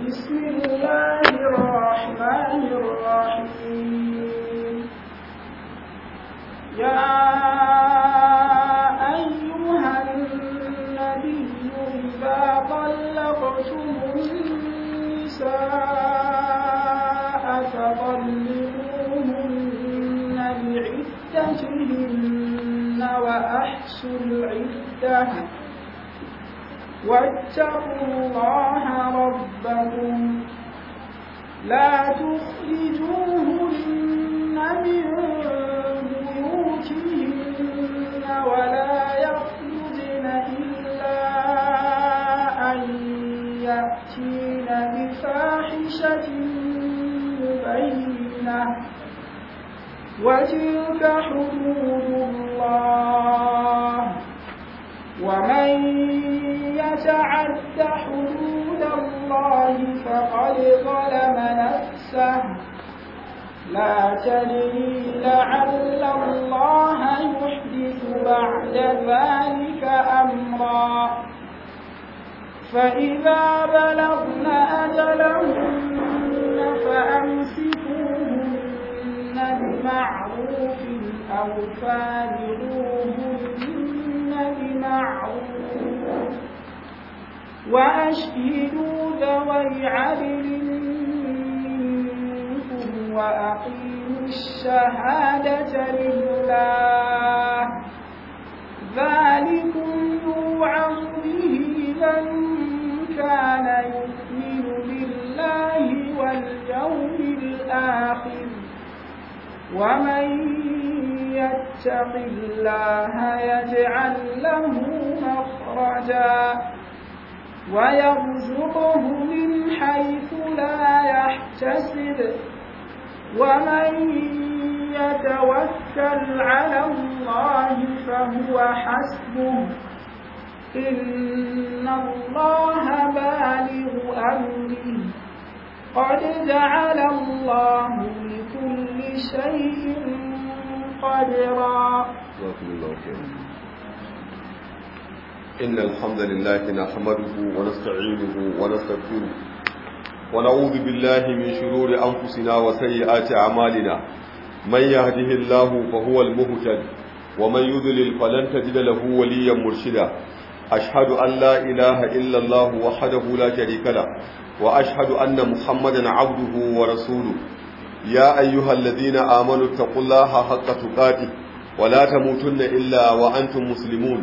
بسم الله الرحمن الرحيم يا أيها النبي إذا طلقتم النساء فطلقوهن لعدتهن وأحسوا العدة واتقوا الله ربكم لا تخرجوهن من بيوتهن ولا يخرجن إلا أن يأتين بفاحشة مبينة وتلك حدود الله ومن تعد حدود الله فقد ظلم نفسه لا تدري لعل الله يحدث بعد ذلك أمرا فإذا بلغن أجلهن فأمسكوهن بمعروف أو فارقوهن بمعروف وأشهدوا ذوي عدل منكم وأقيموا الشهادة لله ذلكم يوعظ به من كان يؤمن بالله واليوم الآخر ومن يتق الله يجعل له مخرجا ويرزقه من حيث لا يحتسب ومن يتوكل على الله فهو حسبه إن الله بالغ أمره قد جعل الله لكل شيء قدرا إن الحمد لله نحمده ونستعينه ونستغفره ونعوذ بالله من شرور أنفسنا وسيئات أعمالنا من يهده الله فهو المهتد ومن يذلل فلن تجد له وليا مرشدا أشهد أن لا إله إلا الله وحده لا شريك له وأشهد أن محمدا عبده ورسوله يا أيها الذين آمنوا اتقوا الله حق تقاته ولا تموتن إلا وأنتم مسلمون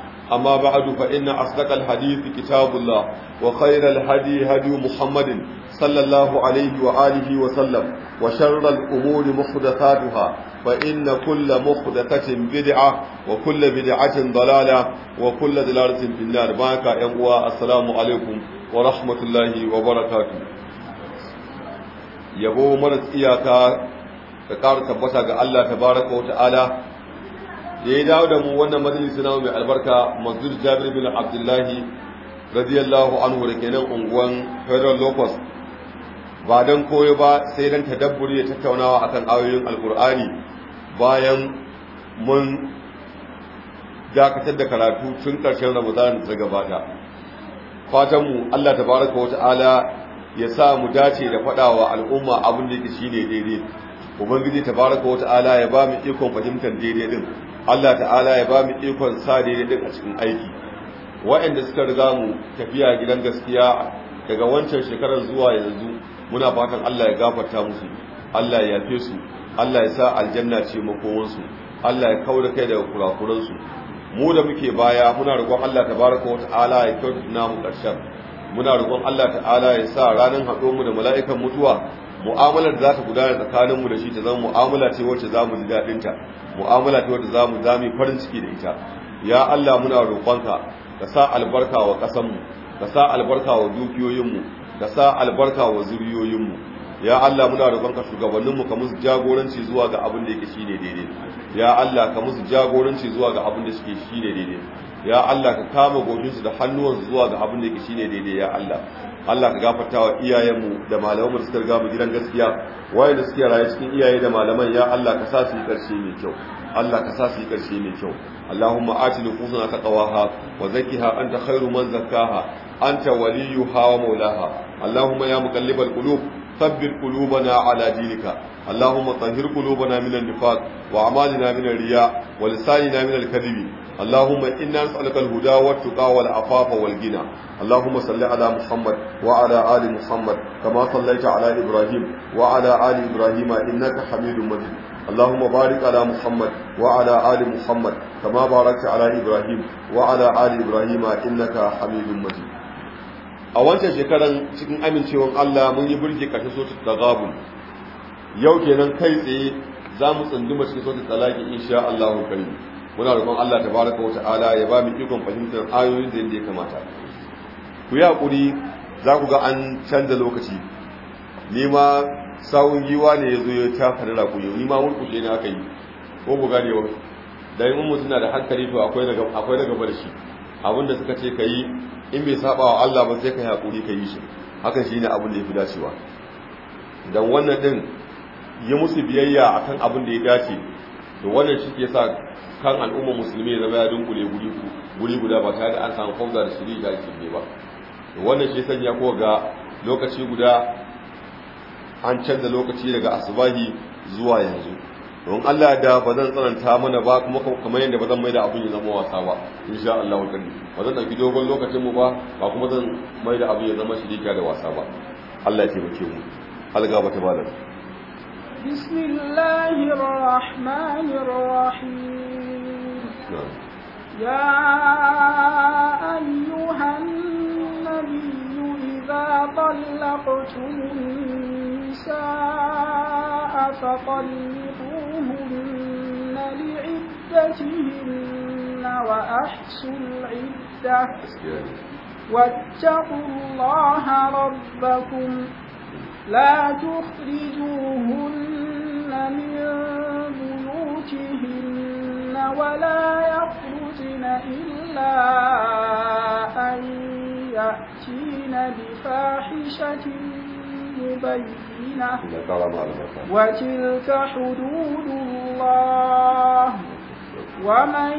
أما بعد فإن أصدق الحديث كتاب الله وخير الهدي هدي محمد صلى الله عليه وآله وسلم وشر الأمور محدثاتها فإن كل محدثة بدعة وكل بدعة ضلالة وكل دلالة في النار بارك يا السلام عليكم ورحمة الله وبركاته يبو مرت إياتا ka ƙara tabbata ga Allah tabaraka wa ta'ala da ya dawo da mu wannan majalisi namu mai albarka masjid jabir bin abdullahi radiyallahu anhu da kenan unguwan federal locust ba don koyo ba sai don tadabburi da tattaunawa akan ayoyin alkur'ani bayan mun dakatar da karatu tun ƙarshen ramadan da gabata fatanmu allah tabaraka wa ta'ala ya sa mu dace da faɗawa al'umma abin da yake shine daidai ubangiji tabaraka wa ta'ala ya ba mu ikon fahimtar daidai din Allah ta'ala ya ba mu ikon sa daidai din a cikin aiki waɗanda suka riga mu tafiya gidan gaskiya daga wancan shekarar zuwa yanzu muna fatan Allah ya gafarta musu Allah ya yafe su Allah ya sa aljanna ce su Allah ya kaura kai daga kurakuransu mu da muke baya muna roƙon Allah tabaraka wa ta'ala ya kyautata namu ƙarshen muna roƙon Allah ta'ala ya sa ranar haɗo mu da mala'ikan mutuwa mu'amalar da za ta gudana tsakaninmu da shi ta zama mu'amala ce wacce za mu ji daɗinta mu'amala ce wacce za mu zami farin ciki da ita ya Allah muna roƙonka ka sa albarka wa ƙasanmu ka sa albarka wa dukiyoyinmu ka sa albarka wa zuriyoyinmu ya Allah muna roƙonka shugabanninmu ka musu jagoranci zuwa ga abin da yake shine daidai ya Allah ka musu jagoranci zuwa ga abin da suke shine daidai ya Allah ka kama goshinsu da hannuwansu zuwa ga abin da yake shine daidai ya Allah Allah ka gafarta wa iyayenmu da malamanmu da suka ga mu gidan gaskiya waye da suke raye cikin iyaye da malaman ya Allah ka sa su yi karshe mai kyau Allah ka sa su yi karshe mai kyau Allahumma ati nufusana taqwaha wa zakkiha anta khairu man zakkaha anta waliyuha wa mawlaha Allahumma ya muqallibal qulub ثبت قلوبنا على دينك اللهم طهر قلوبنا من النفاق وأعمالنا من الرياء ولساننا من الكذب اللهم إنا نسألك الهدى والتقى والعفاف والغنى اللهم صل على محمد وعلى آل محمد كما صليت على إبراهيم وعلى آل إبراهيم إنك حميد مجيد اللهم بارك على محمد وعلى آل محمد كما باركت على إبراهيم وعلى آل إبراهيم إنك حميد مجيد a wancan shekaran cikin amincewan Allah mun yi burge kashe sotu tagabun yau kenan kai tsaye za mu tsunduma cikin sotu talaki insha Allahu karim muna roƙon Allah wata ala ya ba mu ikon fahimtar ayoyin da yadda ya kamata ku yi hakuri za ku ga an canza lokaci ni ma sawun giwa ne ya zo ya tafa da rakuyo ni ma murkushe ne aka yi ko ku gane wa da yi mummu suna da hankali to akwai na gaba da shi abinda suka ce ka yi in bai saba wa Allah ba sai ka yi hakuri ka yi shi hakan shi ne abin da ya fi dacewa don wannan din yi musu biyayya akan abin da ya dace to wannan shi ke sa kan al'ummar musulmi zama ya dunkule guri guda ba tare da an samu kwamza da shiri da ake ba to wannan shi sanya ko ga lokaci guda an canza lokaci daga asubahi zuwa yanzu don Allah da ba zan tsananta mana ba kuma kamar yadda ba zan mai da abin ya zama wasa ba insha Allah kalli ba zan ɗauki dogon lokacin mu ba ba kuma zan mai da abin ya zama shirika da wasa ba Allah ya taimake mu alga ba ta su بسم الله الرحمن الرحيم يا أيها النبي إذا طلقتم النساء فطلقوهن لعدتهن وأحسوا العدة واتقوا الله ربكم لا تخرجوهن من بيوتهن ولا يخرجن إلا أن يأتين بفاحشة مبينة وتلك حدود الله ومن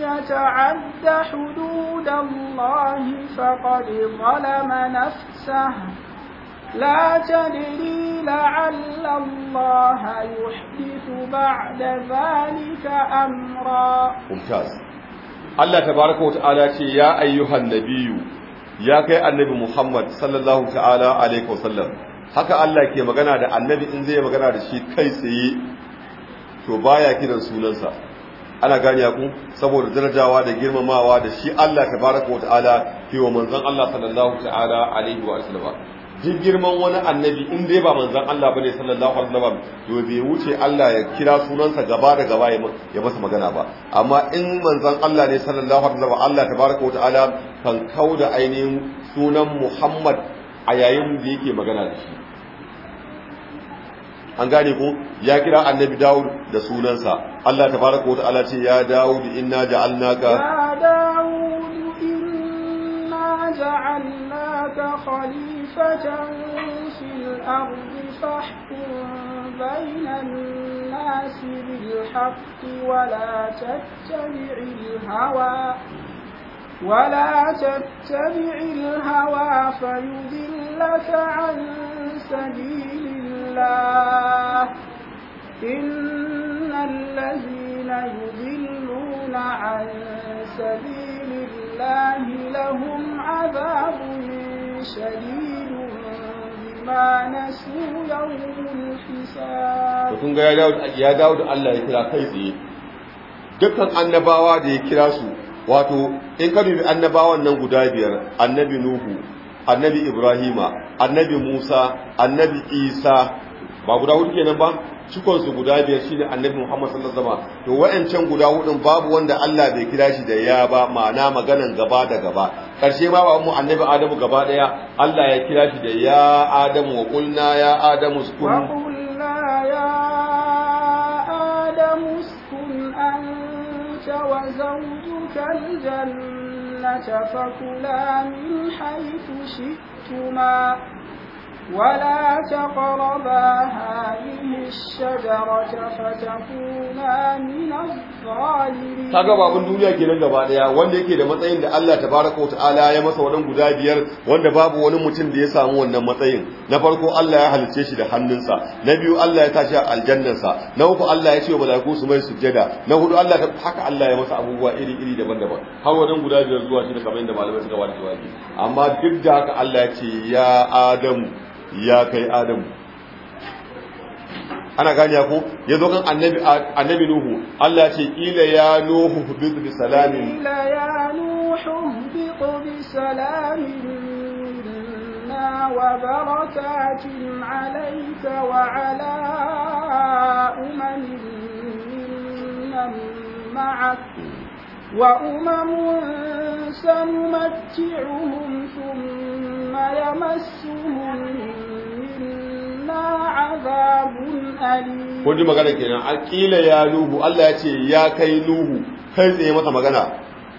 يتعد حدود الله فقد ظلم نفسه لا تدري لعل الله يحدث بعد ذلك أمرا ممتاز الله تبارك وتعالى يا أيها النبي يا كي النبي محمد صلى الله تعالى عليه وسلم haka Allah ke magana da annabi in zai magana da shi kai tsaye to baya kiran sunansa ana gani ku saboda darajawa da girmamawa da shi Allah tabaraka wa ta'ala ke wa manzon Allah sallallahu ta'ala alaihi wa sallam ji girman wani annabi in dai ba manzan Allah bane sallallahu alaihi wasallam to bai wuce Allah ya kira sunansa gaba da gaba ya masa magana ba amma in manzan Allah ne sallallahu alaihi wasallam Allah tabaraka wa ta'ala kan kauda ainihin sunan Muhammad a yayin da yake magana da shi an gane ko ya kira annabi Dawud da sunansa Allah tabaraka wa ta'ala ce ya Dawud inna ja'alnaka ya Dawud جعلناك خليفة في الأرض فاحكم بين الناس بالحق ولا تتبع الهوى ولا تتبع الهوى فيضلك عن سبيل الله إن الذين يضلون عن سبيل الله لهم عذاب شديد بما نسوا يوم الحساب تكون يا ya dawo da Allah ya kira kai tsaye dukkan annabawa da ya kira su wato in ka dubi annabawan nan guda biyar annabi nuhu annabi ibrahima annabi musa annabi isa ba guda hudu kenan ba cikonsu guda biyar shine annabi Muhammad sallallahu alaihi wasallam to wa'ancan guda hudun babu wanda Allah bai kira shi da ya ba ma'ana maganan gaba da gaba karshe ma ba mu annabi Adamu gaba daya Allah ya kira shi da ya Adamu wa kulna ya Adamu uskun wa qulna ya Adamu anta wa zawjuka fakula min haythu ولا تقربا هذه الشجرة فتكونا من الظالمين kaga babun duniya kenan gaba daya wanda yake da matsayin da Allah tabaraka wataala ya masa wannan guda biyar wanda babu wani mutum da ya samu wannan matsayin na farko Allah ya halicce shi da hannunsa na biyu Allah ya tashi a na uku Allah ya ce wa malaiku su mai sujjada na hudu Allah haka Allah ya masa abubuwa iri iri daban-daban har wannan guda biyar zuwa shi da kamar yadda malamai suka wani jawabi amma duk da haka Allah ya ce ya Adamu ya kai adamu ana gani ya ko ya zo kan annabi nuhu Allah ce ila ya nuhu bi salamin ila ya nuhu bi salamin wa barakatin alayka wa ala umamin minna ma'ak wa umamun sanumati'uhum kun ji magana kenan akila ya nuhu Allah ya ce ya kai nuhu kai tsaye masa magana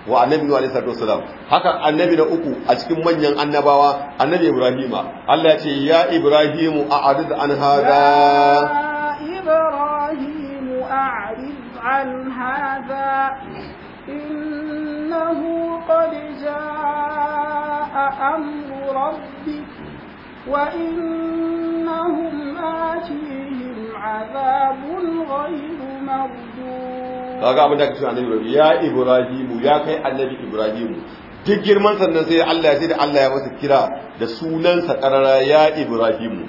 wa annabi nuhu alaihi salatu wasalam haka annabi na uku a cikin manyan annabawa annabi Ibrahim, Allah ya ce ya ibrahimu a'rid an hada a'rid an hada innahu أمر ربك وإنهم آتيهم عذاب غير مردود kaga abin da عن cewa annabi ya ibrahimu ya kai إبراهيم ibrahimu duk girman sannan sai Allah ya ce da Allah ya masa kira da sunansa karara ya ibrahimu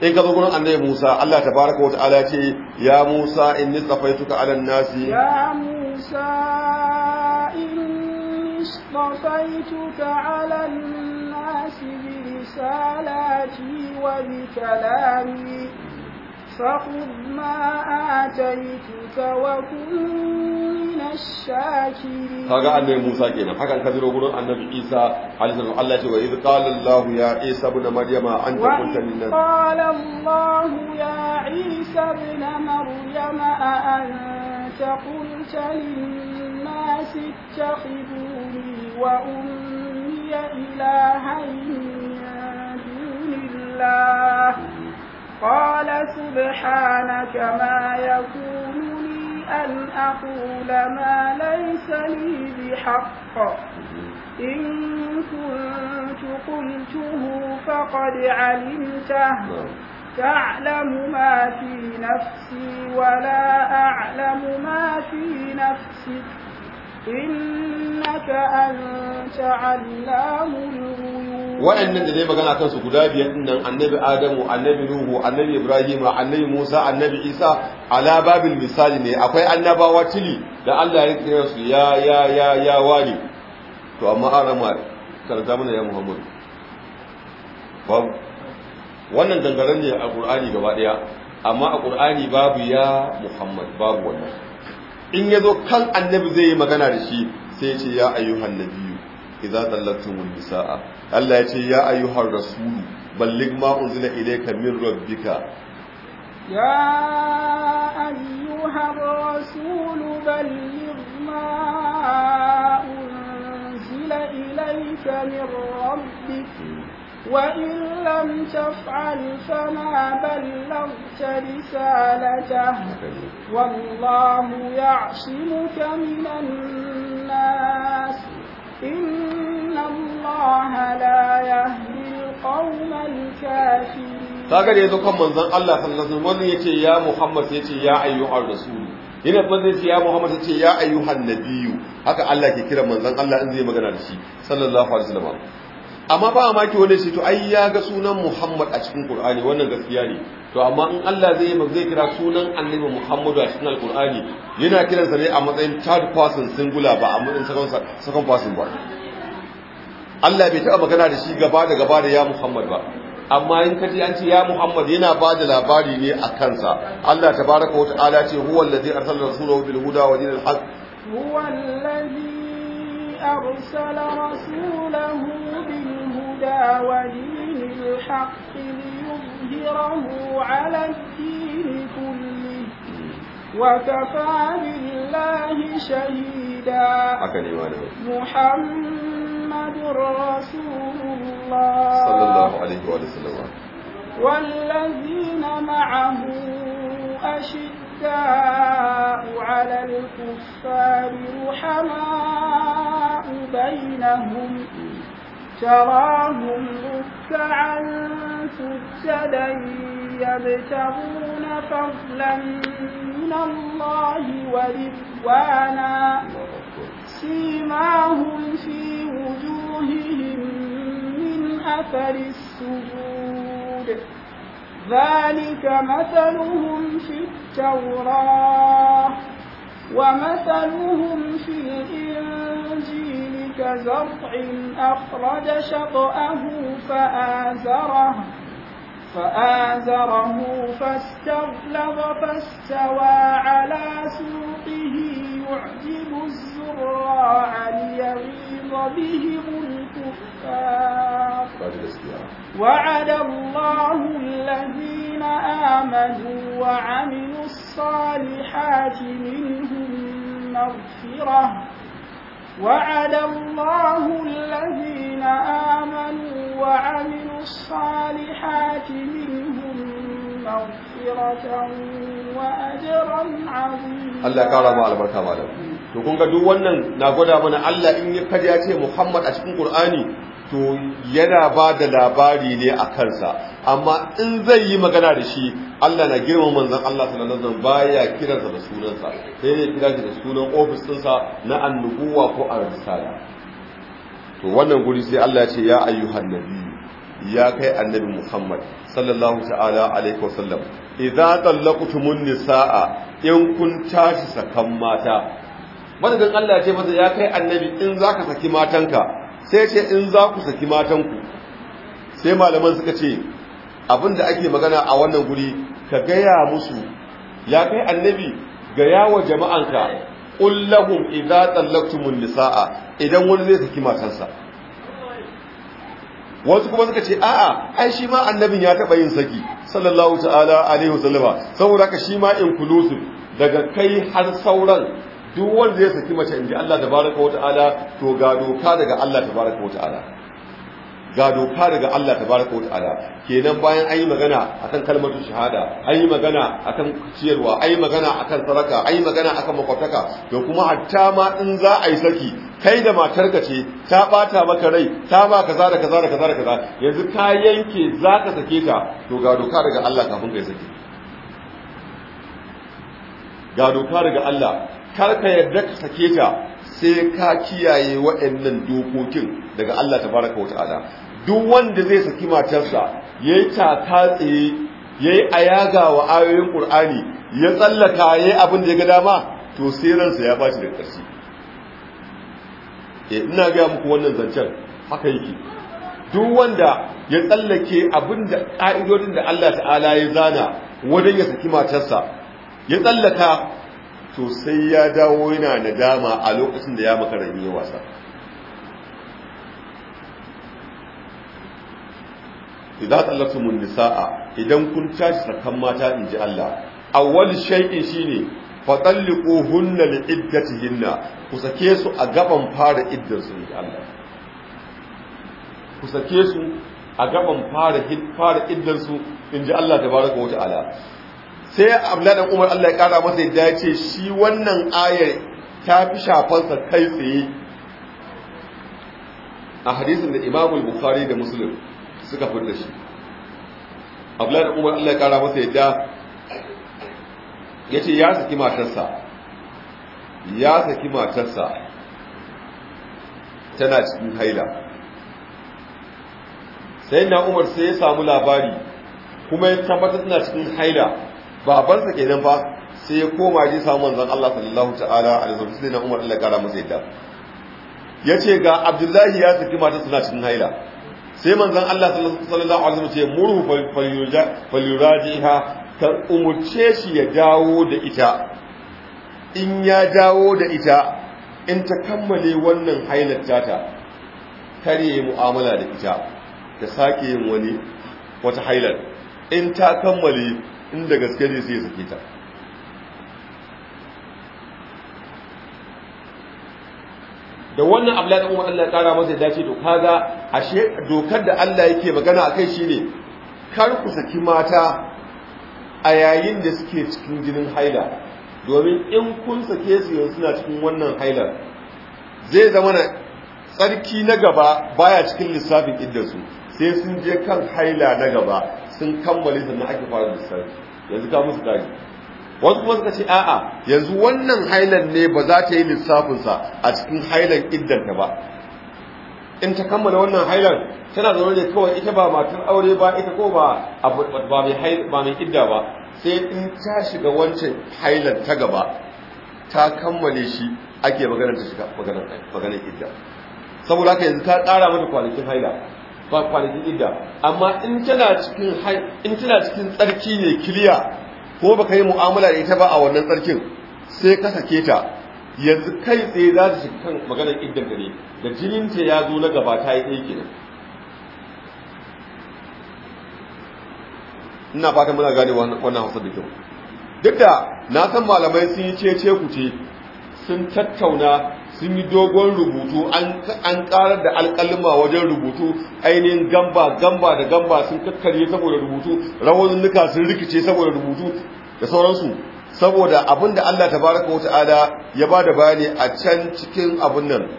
in ka zo gurin annabi Musa Allah baraka wa ta'ala ce ya Musa in inni safaituka alan nasi ya Musa اصطفيتك على الناس برسالاتي وبكلامي فخذ ما آتيتك وكن من الشاكرين kaga annabi Musa kenan hakan ka ziro gurin annabi Isa alaihi salam Allah ce wa idh ya Isa ibn Maryama anta qulta lin nas qala Allah ya Isa ibn Maryama a قلت للناس اتخذوني وأمي إلهين من دون الله قال سبحانك ما يكون لي أن أقول ما ليس لي بحق إن كنت قلته فقد علمته نعم. تعلم ما في نفسي ولا أعلم ما في نفسي إنك أنت علام الغيوب waɗannan da dai magana kansu guda biyar nan annabi adamu annabi nuhu annabi ibrahim annabi musa annabi isa ala babil misali ne akwai annabawa tili da allah ya kira su ya ya ya ya wani to amma arama karanta mana ya muhammadu wannan dangaren ne a ƙur'ani gaba ɗaya amma a ƙur'ani babu ya muhammad babu wannan in ya zo kan annabi zai yi magana da shi sai ya ce ya ayyuhan Iza idza wani sa'a. Allah ya ce ya ayyuhar rasulu ballig ma unzila ilayka min rabbika ya ayyuhar rasulu ma unzila ilayka min rabbika hmm. وإن لم تفعل فما بلغت رسالته والله يعصمك من الناس إن الله لا يهدي القوم الكافرين kaga da yazo kan manzon Allah sallallahu alaihi wasallam wani yace ya Muhammad sai yace ya ayyuhar rasul yana ban zai ce ya Muhammad sai ce ya ayyuhan nabiyyu haka Allah ke kira manzon Allah in zai magana da shi sallallahu alaihi wasallam amma ba maki wani shi, to ai ya ga sunan Muhammad a cikin Qur'ani wannan gaskiya ne to amma in Allah zai ba zai kira sunan Annabi Muhammadu a cikin Al-Qur'ani yana kiransa ne a matsayin third person singular ba a matsayin second second person ba Allah bai taɓa magana da shi gaba da gaba da ya Muhammad ba amma in kaji an ce ya Muhammad yana ba da labari ne a kansa Allah tabaraka wa ta'ala ce huwa allazi arsala rasulahu bil huda wa dinil haqq huwa allazi أرسل رسوله بالهدى ودين الحق ليظهره على الدين كله وكفى بالله شهيدا محمد رسول الله صلى الله عليه وسلم والذين معه أشد على الكفار رحماء بينهم تراهم ركعا سجدا يبتغون فضلا من الله ورضوانا سيماهم في وجوههم من أثر السجود ذلك مثلهم في التوراة ومثلهم في الإنجيل كزرع أخرج شطأه فآزره فآزره فاستغلظ فاستوى على سوقه يعجب الزراع ليغيظ بهم وعد الله الذين آمنوا وعملوا الصالحات منهم مغفرة وعد الله الذين آمنوا وعملوا الصالحات منهم مغفرة وأجرا عظيما الله كرم على بركة to kun ga duk wannan na gwada mana Allah in ya kada ya ce Muhammad a cikin Qur'ani to yana ba da labari ne a kansa amma in zai yi magana da shi Allah na girma manzon Allah sallallahu alaihi wasallam baya kiransa da sunansa sai ne kira shi da sunan office ɗinsa na annubuwa ko arsala to wannan guri sai Allah ya ce ya ayyuhan nabi ya kai annabi Muhammad sallallahu ta'ala alaihi wasallam idza tallaqtumun nisaa in kun tashi sakan mata madadin Allah ya ce masa ya kai annabi in za ka saki matanka sai ce in za ku saki matanku sai malaman suka ce abinda ake magana a wannan guri ka gaya musu ya kai annabi ga yawa jama'anka ƙullahun idan tsallaktumun nisa'a idan wani zai saki matansa wasu kuma suka ce a'a ai shi ma annabin ya taɓa yin saki sallallahu ta'ala alaihi wasallama saboda ka shi ma inkulusiv daga kai har sauran duk wanda ya saki mace inji Allah tabaraka ta'ala to ga doka daga Allah tabaraka ta'ala ga doka daga Allah tabaraka ta'ala kenan bayan an yi magana akan kalmatu shahada an yi magana akan ciyarwa an yi magana akan saraka an yi magana akan makwataka da kuma hatta ma in za a yi saki kai da matarka ce ta bata maka rai ta ba kaza da kaza da kaza da kaza yanzu ka yanke zaka sake ta to ga doka daga Allah kafin yi saki ga doka daga Allah karka ka yarda ka sake ta sai ka kiyaye waɗannan dokokin daga Allah tabaraka wa ta'ala duk wanda zai saki matarsa yayi taka tsaye yayi ayaga wa ayoyin Qur'ani ya tsallaka yi abin da ya ga dama to sai ransa ya bashi da ƙarshe eh ina ga muku wannan zancen haka yake duk wanda ya tsallake abin da ƙa'idodin da Allah ta'ala ya zana wajen ya saki matarsa ya tsallaka to sai ya dawo yana da dama a lokacin da ya makarami ya wasa idan mun nisa'a idan kun tashi sakan mata in ji Allah awwal shay'in shine fatalliquhunna liiddatihinna ku sake su a gaban fara iddar su Allah ku sake su a gaban fara iddar su in ji Allah tabaraka wa ta'ala sai abla dan umar Allah ya kara masa yadda ya ce shi wannan ayar ta fi shafansa kai tsaye a hadisin da imamu bukhari da muslim suka furta shi abla dan umar Allah ya kara masa yadda ya ce ya saki matarsa ya saki matarsa tana cikin haila sai na umar sai ya samu labari kuma ya tabbatar tana cikin haila Ba babansa kenan fa sai ya koma ji samu manzon Allah sallallahu ta'ala alaihi wasallam sai na Umar Allah kara masa yadda yace ga Abdullahi ya saki mata suna cikin haila sai manzon Allah sallallahu alaihi wasallam ce murhu falyurajiha ta umurce shi ya dawo da ita in ya dawo da ita in ta kammale wannan hailar tata kare mu'amala da ita ta sake yin wani wata hailar in ta kammale inda gaske ne sai ya ta da wannan abu laɗin umar Allah ya ƙara masa ya dace to kaga ashe dokar da Allah yake magana akai shine kar ku saki mata a yayin da suke cikin jinin haila domin in kun sake su yanzu suna cikin wannan hailar zai zama na tsarki na gaba baya cikin lissafin iddarsu sai sun je kan haila na gaba sun kammale sannan ake fara lissafi yanzu ka musu wasu kuma suka ce a'a yanzu wannan hailan ne ba za ta yi lissafinsa a cikin hailan iddanta ba in ta kammala wannan hailan tana zaune ne kawai ita ba matar aure ba ita ko ba mai idda ba sai in ta shiga wancan hailan ta gaba ta kammale shi ake maganar ta shiga maganar idda saboda haka yanzu ta tsara mata kwanakin haila ba kwanaki idda amma in tana cikin in tana cikin tsarki ne kiliya ko baka yi mu'amala da ita ba a wannan tsarkin sai ka sake ta yanzu kai tsaye za ta shiga kan maganar iddan gare da jinin ta ya zo na gaba ta yi ɗaya kenan ina fatan muna gane wannan hausa da kyau duk da na san malamai sun yi cece kuce sun tattauna sun yi dogon rubutu an karar da alkalima wajen rubutu ainihin gamba gamba da gamba sun kakkarye saboda rubutu rawaninnuka sun rikice saboda rubutu da sauransu saboda abin da Allah wata wata'ala ya ba da bayani a can cikin abin nan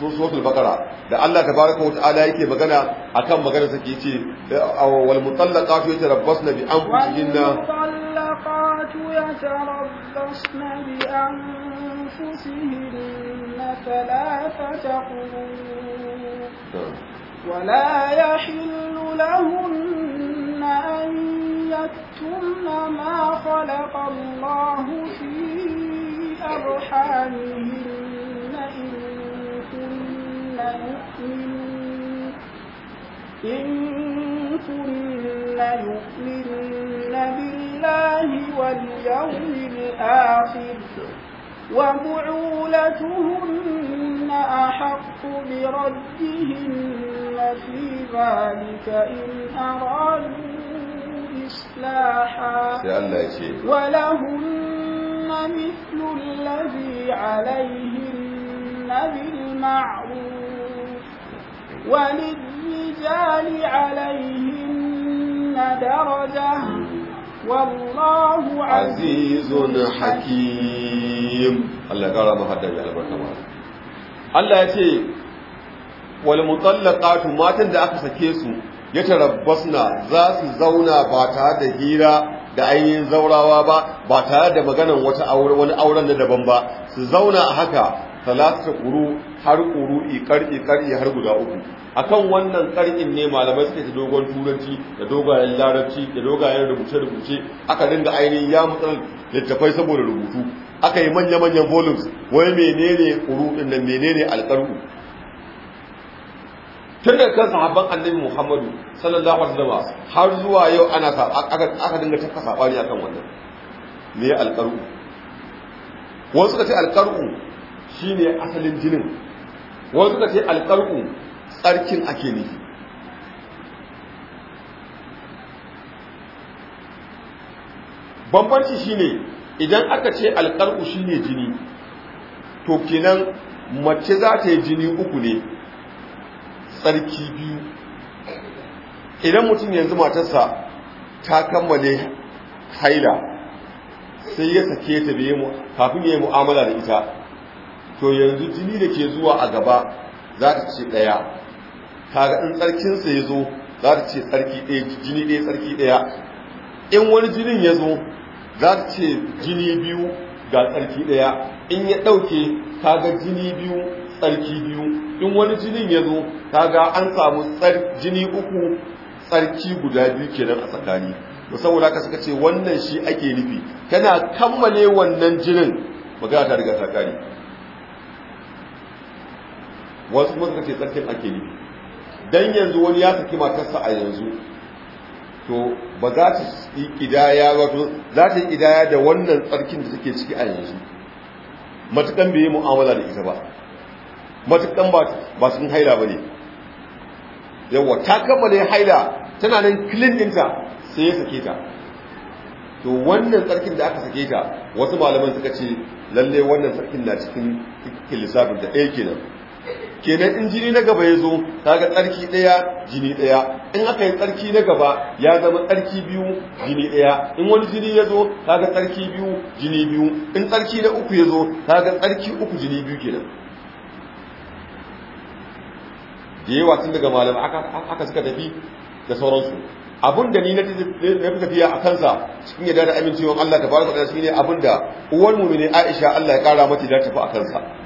suratul bakara da Allah tabaraka wata'ala yake magana a kan magana sake ce wal bi أنفسهن فلا قرون نعم. ولا يحل لهن أن يكتمن ما خلق الله في أرحامهن إن كن يؤمن إن كن يؤمن بالله واليوم الآخر وبعولتهن أحق بردهن في ذلك إن أرادوا إصلاحا ولهن مثل الذي عليهن بالمعروف وللرجال عليهن درجة والله عزيز حكيم alim Allah kara mu hadda ya albarka ma Allah ya ce wal mutallaqatu matan da aka sake su ya tarabbasna za su zauna ba tare da hira da ainihin zaurawa ba ba tare da maganan wata wani auren na daban ba su zauna a haka talata kuru har kuru ikar ikar har guda uku akan wannan karkin ne malamai suke ta dogon turanci da dogayen larabci da dogayen rubuce rubuce aka dinga ainihin ya mutsal littafai saboda rubutu aka yi manya-manyan volumes wai menene ƙuru'in da menene alƙarku tun da kan sahabban annabi muhammadu sallallahu alaihi wasallam har zuwa yau ana aka dinga tafka sabani akan wannan me alƙarku wasu suka ce alƙarku shine asalin jinin wasu suka ce alƙarku tsarkin ake nufi bambanci shine idan aka ce alƙar'u shine jini to kenan mace za ta yi jini uku ne tsarki biyu idan mutum yanzu matarsa ta kammale haila sai ya sake ta da mu kafin ya yi mu'amala da ita to yanzu jini da ke zuwa a gaba za ta ce ɗaya kaga in tsarkinsa ya zo za ta ce tsarki ɗaya jini ɗaya tsarki ɗaya in wani jinin ya zo za ta ce jini biyu ga tsarki ɗaya in ya ɗauke ga jini biyu tsarki biyu in wani jinin ya zo ga an samu jini uku tsarki guda biyu kenan a tsakani Ba saboda ka suka ce wannan shi ake nufi kana kammale wannan jinin magana ta riga ta kare wasu kuma suka ce tsarkin ake nufi dan yanzu wani ya saki matarsa a yanzu to ba za ta yi kidaya ba za ta yi kidaya da wannan tsarkin da suke ciki a yanzu matukan bai yi mu'amala da ita ba matukan ba sun haila ba ne yawa ta kammala haila tana nan kilin dinta sai ya sake ta to wannan tsarkin da aka sake ta wasu malaman suka ce lalle wannan tsarkin na cikin lissafin da ɗaya eh, kenan kenan in jini na gaba ya zo kaga tsarki ɗaya jini ɗaya in aka yi tsarki na gaba ya zama tsarki biyu jini ɗaya in wani jini ya zo kaga tsarki biyu jini biyu in tsarki na uku ya zo kaga tsarki uku jini biyu kenan da yawa tun daga malam aka suka tafi da sauransu abun da ni na fi tafiya a kansa cikin yadda da amincewa Allah ta baraka da shi ne abun da uwar mu Aisha Allah ya kara mata da tafi a kansa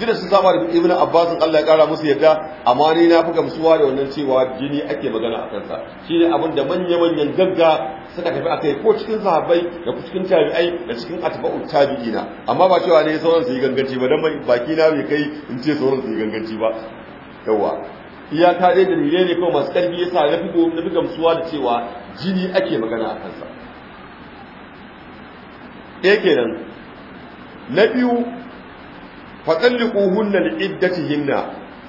jira sun saba da ibnu abbasin Allah ya kara musu yadda amma ni na fi gamsuwa da wannan cewa jini ake magana a kansa shine abin da manya manyan gagga suka tafi akai ko cikin sahabbai da ko cikin tabi'ai da cikin atba'u tabi'ina amma ba cewa ne sauran su yi ganganci ba dan baki na bai kai in ce sauran su yi ganganci ba yawa iya ta dai dalilai ne kawai masu karfi yasa na na fi gamsuwa da cewa jini ake magana a kansa ɗaya kenan na biyu faɗalliƙuhunna li'iddatihinna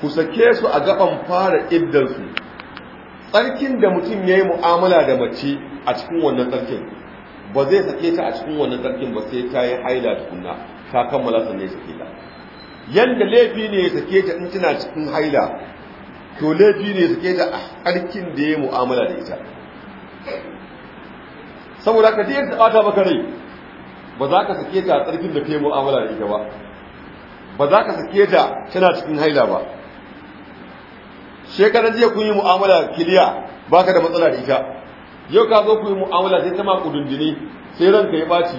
ku sake su a gaban fara iddansu tsarkin da mutum ya yi mu'amala da mace a cikin wannan tsarkin ba zai sake ta a cikin wannan tsarkin ba sai ta yi haila tukunna ta kammala sannan ya sake ta yanda laifi ne ya sake ta in tana cikin haila to laifi ne ya sake ta a tsarkin da ya yi mu'amala da ita saboda ka je ta ba maka rai ba za ka sake ta a tsarkin da ka yi mu'amala da ita ba ba za ka sake ta tana cikin haila ba shekarar jiya kun yi mu'amala kiliya ba ka da matsala da ita yau ka zo ku yi mu'amala sai ta ma kudundini sai zan yi ɓaci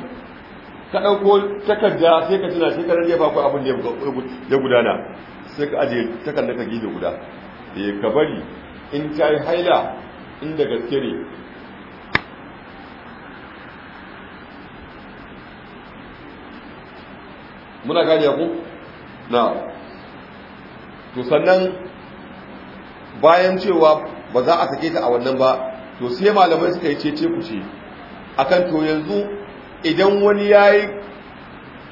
ka ɗauko takarda sai ka tuna shekarar jiya ba ku abin da ya gudana sai ka ajiye takarda ka gida guda da eh, ka bari in ta yi haila inda gaske ne muna ya ku na to sannan bayan cewa ba za a sake ta a wannan ba to sai malamai suka yi cece ce, akan to yanzu idan wani ya yi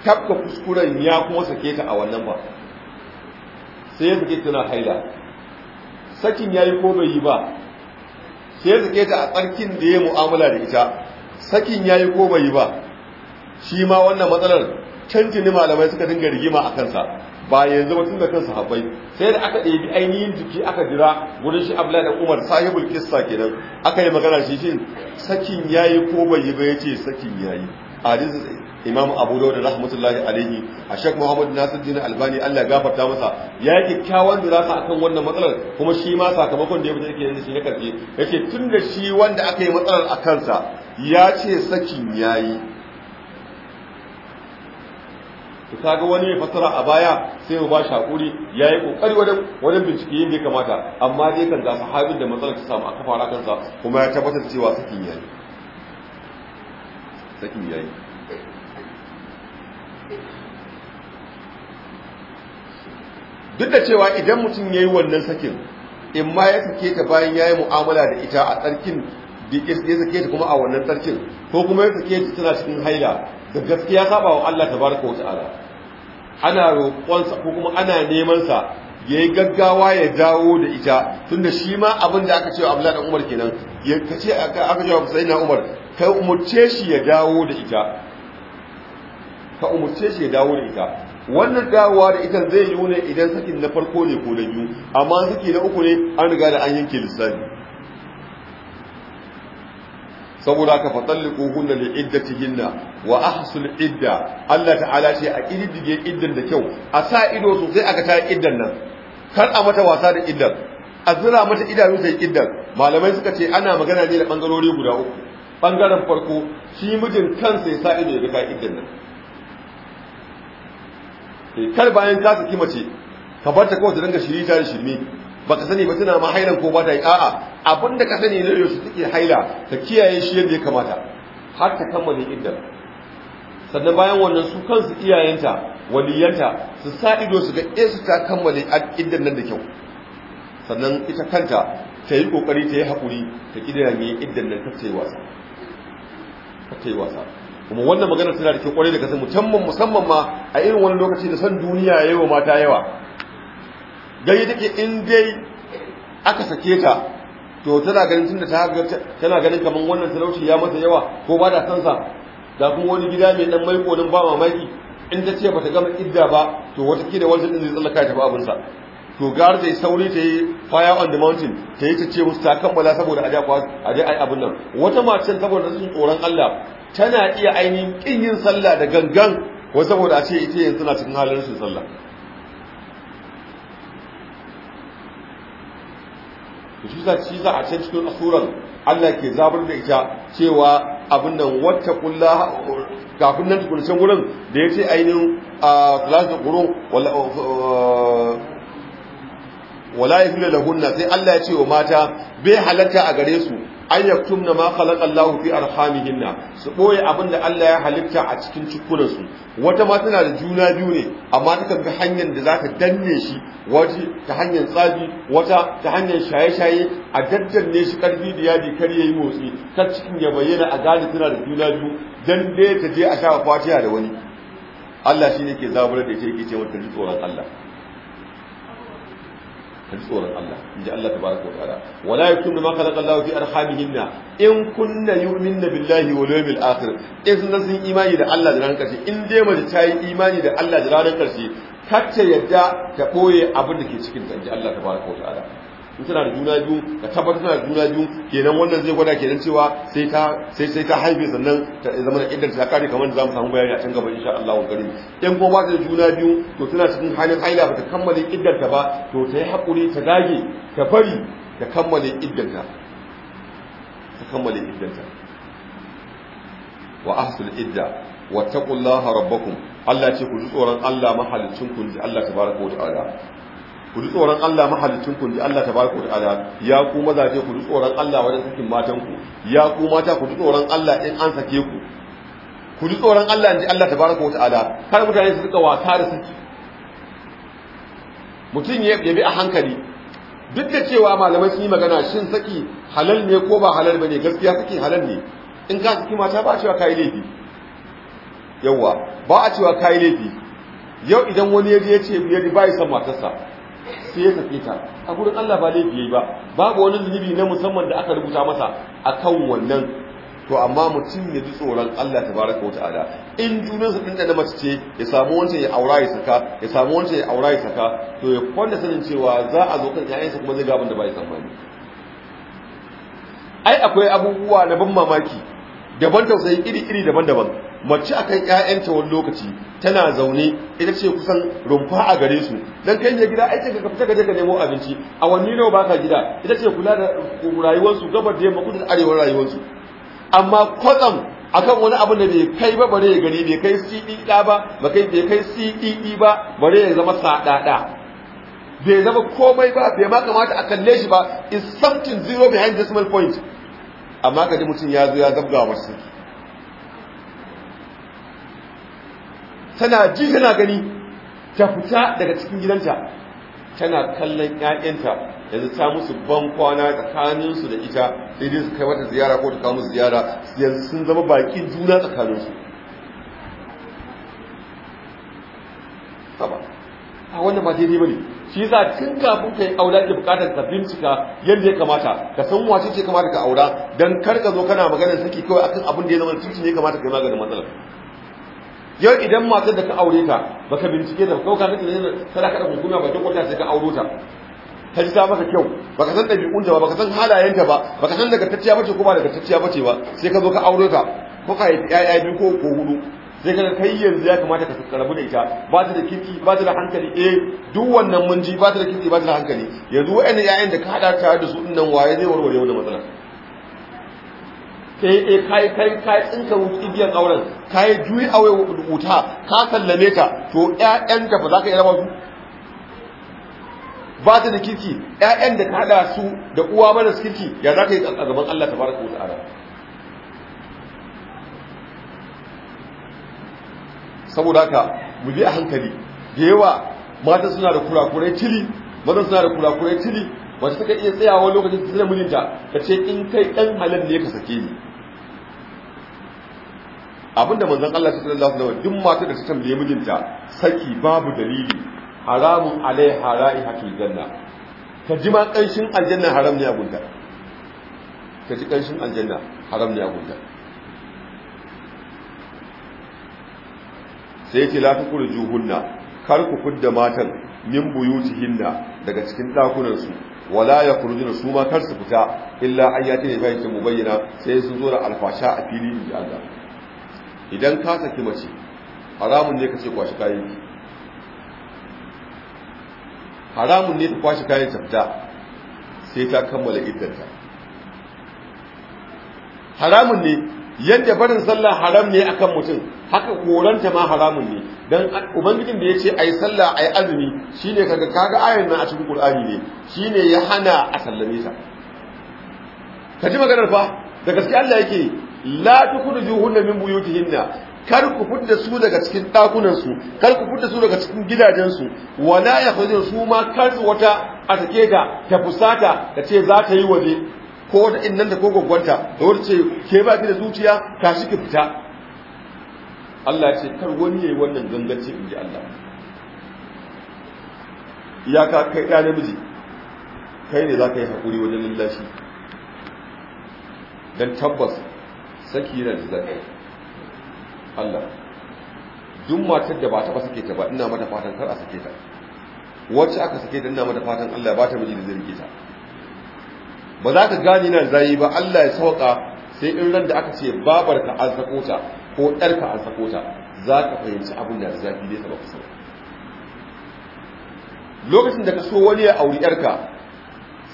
tabka kuskuren ya kuma sake ta a wannan ba sai ya sake tana haila sakin ya yi ko bai yi ba sai ya sake ta a tsarkin da ya mu'amala da ita sakin ya yi ko bai yi ba shi ma wannan matsalar canjin malamai suka dinga rigima a kansa ba yanzu ba tun da kan sahabbai sai da aka ɗebi ainihin jiki aka jira wurin shi abdullahi da umar sahibul kissa kenan aka yi magana shi shi sakin ya yi ko bai yi ba ce sakin ya yi. hadis imam abu wadda rahmatullahi alaihi a shek nasir jini albani Allah gafarta masa ya yi kyakkyawan a akan wannan matsalar kuma shi ma sakamakon da ya yake yanzu shi na karfe tun da shi wanda aka yi matsalar a kansa ya ce sakin ya yi. ki kaga wani mai fasara a baya sai mu ba shi hakuri yayi kokari wajen wajen bincike yin da ya kamata amma dai kan ga sahabin da matsalar ta samu aka fara kansa kuma ya tabbatar cewa sakin yayi sakin yayi duk da cewa idan mutum yayi wannan sakin in ma ya sake ta bayan yayi mu'amala da ita a tsarkin ya sake ta kuma a wannan tsarkin ko kuma ya sake ta tana cikin haila da gaskiya saba wa Allah tabaraka wa ta'ala ana roƙonsa ko kuma ana neman sa yayi gaggawa ya dawo da ita tunda shi ma abin da aka ce wa Abdullahi dan Umar kenan ya kace aka aka wa Sayyidina Umar ka umurce shi ya dawo da ita ka umurce shi ya dawo da ita wannan dawowa da ita zai yi ne idan sakin na farko ne ko na biyu amma saki na uku ne an riga da an yanke lissafi saboda ka fatalliku hunna li iddatihinna wa ahsul idda Allah ta'ala ce a kididige iddan da kyau a sa ido sosai aka ta iddan nan kar a mata wasa da iddan a zira mata idanu sai iddan malamai suka ce ana magana ne da bangarori guda uku bangaren farko shi mijin kansa ya sa ido ya ga iddan nan eh, kar bayan ka saki mace ka bar ta kawai ta dinga shiri ta da shirme ta sani ba tana ma hailan ko ba ta yi a'a abinda ka sani na su take haila ta kiyaye shi yadda ya kamata har ta kammala iddar sannan bayan wannan su kansu iyayenta waliyanta su sa ido su ga su ta kammala iddar nan da kyau sannan ita kanta ta yi kokari ta yi haƙuri ta kidira mai iddar nan ta tsaye wasa ta yi wasa kuma wannan magana tana da kyau kwarai da kasan musamman musamman ma a irin wani lokaci da son duniya yi wa mata yawa gari take in dai aka sake ta to tana ganin tunda ta tana ganin kaman wannan talauci ya mata yawa ko ba da sansa da kuma wani gida mai dan mai kodin ba mamaki in ta ce ba bata gama idda ba to wata kida wanda din zai tsallaka ta ba abin sa to gar da sauri ta yi fire on the mountain ta yi ta ce musu ta kammala saboda aje aje ai abin nan wata mace saboda rashin tsoron Allah tana iya ainihin kin yin sallah da gangan ko saboda a ce ita yanzu tana cikin halin sun sallah shi za ci za a can cikin asuran Allah ke zabar da ita cewa abin nan wata kulla kafin nan tukunan wurin da ya ce ainihin a ah, lasa guru wala ya da lahunna sai Allah ya ce wa mata bai halatta a gare su an yaktumna ma khalaqa Allahu fi arhamihinna su ɓoye abin da Allah ya halitta a cikin cikunansu. su wata ma tana da juna biyu ne amma ta ga hanyar da za ta danne shi waje ta hanyar tsabi wata ta hanyar shaye-shaye a daddanne shi karfi da yadi kar ya yi motsi ta cikin ya bayyana a gane tana da juna biyu dan dai ta je a sha fatiha da wani Allah shi ne ke zaburar da ita yake ce mata ji tsoron Allah ka tsoron Allah in ji Allah tabaraka wa ta'ala wala yakunu ma khalaqa Allah fi arhamihinna in kunna yu'minna billahi wal yawmil akhir in sun sun imani da Allah da ranar karshe in dai mace ta yi imani da Allah da ranar karshe kacce yadda ta boye abin da ke cikin ta in ji Allah tabaraka wa ta'ala in tana da juna biyu ka tabbatar tana da juna biyu kenan wannan zai gwada kenan cewa sai ta sai sai ta haife sannan ta zama da iddar ta kare kamar da zamu samu bayani a can gaba insha Allah wa gari in ko ba ta da juna biyu to tana cikin halin haila ba ta kammala iddar ta ba to ta yi hakuri ta dage ta bari ta kammala iddar ta ta kammala iddar ta wa ahsul idda taqullaha rabbakum Allah ce ku ji tsoron Allah mahalicin ku ji Allah tabaraka wa ta'ala ku ji tsoron Allah mahallicin ku ji Allah tabaraka wa ta'ala ya ku ce ku ji tsoron Allah wajen cikin matan ku ya ku mata ku ji tsoron Allah in an sake ku ku ji tsoron Allah in ji Allah tabaraka wa ta'ala har mutane su suka wasa da saki mutum ya bi a hankali duk da cewa malamai sun yi magana shin saki halal ne ko ba halal bane gaskiya saki halal ne in ka saki mata ba a cewa kai laifi Yawwa. ba a cewa kai laifi yau idan wani ya je ya ce ya ba ya san matarsa sai ya tafi ta a gurin Allah ba laifi yayi ba babu wani zunubi na musamman da aka rubuta masa a akan wannan to amma mutum ya ji tsoron Allah tabaraka wa ta'ala in junan su dinda na mace ce ya samu wancan ya aura ya saka ya samu wancan ya aura ya saka to ya kwanda sanin cewa za a zo kan ƴaƴansa kuma zai gaban da ba ya tsammani ai akwai abubuwa na ban mamaki daban tausayi iri-iri daban-daban mace akan ƴaƴanta wani lokaci tana zaune ita ce kusan rumfa a gare su dan kai ne gida aikin ka fita gaje ka nemo abinci a wani nawa baka gida ita ce kula da rayuwar su gabar da yamma kudu arewa rayuwarsu amma kwatsam akan wani abu da bai kai ba bare ya gari bai kai CDD e e ba ba kai bai kai e ba bare ya zama sadada bai zama komai ba bai ma kamata a kalle shi ba is something zero behind decimal point amma kaji mutum ya zo ya zabga wasu tana ji tana gani ta fita daga cikin gidanta tana kallon ƴaƴanta yanzu ta musu ban kwana tsakaninsu da ita sai dai su kai wata ziyara ko ta kawo musu ziyara yanzu sun zama bakin juna tsakaninsu saba a wannan ba daidai bane shi yasa tun kafin kai aura ke bukatar ka bincika yadda ya kamata ka san wace ce kamata ka aura dan kar ka zo kana maganar saki kawai akan abin da ya zama tuci ne kamata ka yi maganin matsalar yau idan matar da ka aure ta baka bincike da kauka nake da tana kada hukuma ba kin kwata sai ka auro ta ta ji ta maka kyau baka san dabi'un ta ba baka san halayen ta ba baka san daga tacciya bace ko ba daga tacciya bace ba sai ka zo ka auro ta ko ka yaya biyu ko ko hudu sai ka kai yanzu ya kamata ka karabu da ita ba ta da kirki ba ta da hankali eh duk wannan mun ji ba ta da kirki ba ta da hankali yanzu wayannan yayan da ka hada ta da su nan waye zai warware wannan matsalar Eh, eh kai kai kai wuce igiyar auren kai juyi aure wuta ka kallame ta to ƴaƴan ka ba za ka yi raba ba ta da kirki ƴaƴan da ka hada su da uwa mara kirki ya za ka yi a gaban Allah tabaraka wa ta'ala saboda ka mu bi a hankali da yawa mata suna da kurakurai tili mazan suna da kurakurai tili wacce suka iya tsayawa lokacin da mulinta ta ce in kai ɗan halin ne ka sake ni abinda manzon Allah sallallahu alaihi wasallam duk mata da ta tambaye mijinta saki babu dalili haramun alaiha ra'ihatul janna ta ji ma kanshin aljanna haram ne a gunta ta ji kanshin aljanna haram ne a gunta sai ce la tukurjuhunna kar ku kudda matan min buyutihinna daga cikin dakunan su wala ya kurjuna su ma kar su fita illa ayyatin bayyana mubayyana sai sun zo da alfasha a fili da Allah idan ka saki mace haramun ne ka ce kwashi kayan ki haramun ne ka kwashi kayan tafta, sai ta kammala iddanta haramun ne yadda barin sallah haram ne akan mutum haka koranta ma haramun ne dan ubangijin da ya ce a yi sallah a ayi azumi ne kaga kaga ayan nan a cikin ƙul'ani ne shine ya hana a sallame ta Ka ji maganar fa da gaske Allah yake la juhunna min buyutihinna kar ku fudda su daga cikin dakunan su kar ku fudda su daga cikin gidajen su wala yakhrujun su ma kar wata a take ka ta fusata ta ce za ta yi waje ko wata innan da ko gwanta da wata ce ke ba ki da zuciya ka shi ki fita Allah ya ce kar wani yayi wannan gangaci inji Allah iyaka kai da namiji kai ne za ka yi hakuri wajen lallashi don tabbas saki na da Allah duk matar da ba taɓa sake ta ba ina mata fatan kar a sake ta wacce aka sake ta ina mata fatan Allah ba ta miji da zirgi ta ba za ka gani na zai ba Allah ya sauka sai in ran da aka ce babarka an sako ta ko ka an sako ta za ka fahimci abin da zafi ne ba kusa lokacin da ka so wani ya auri ƴarka,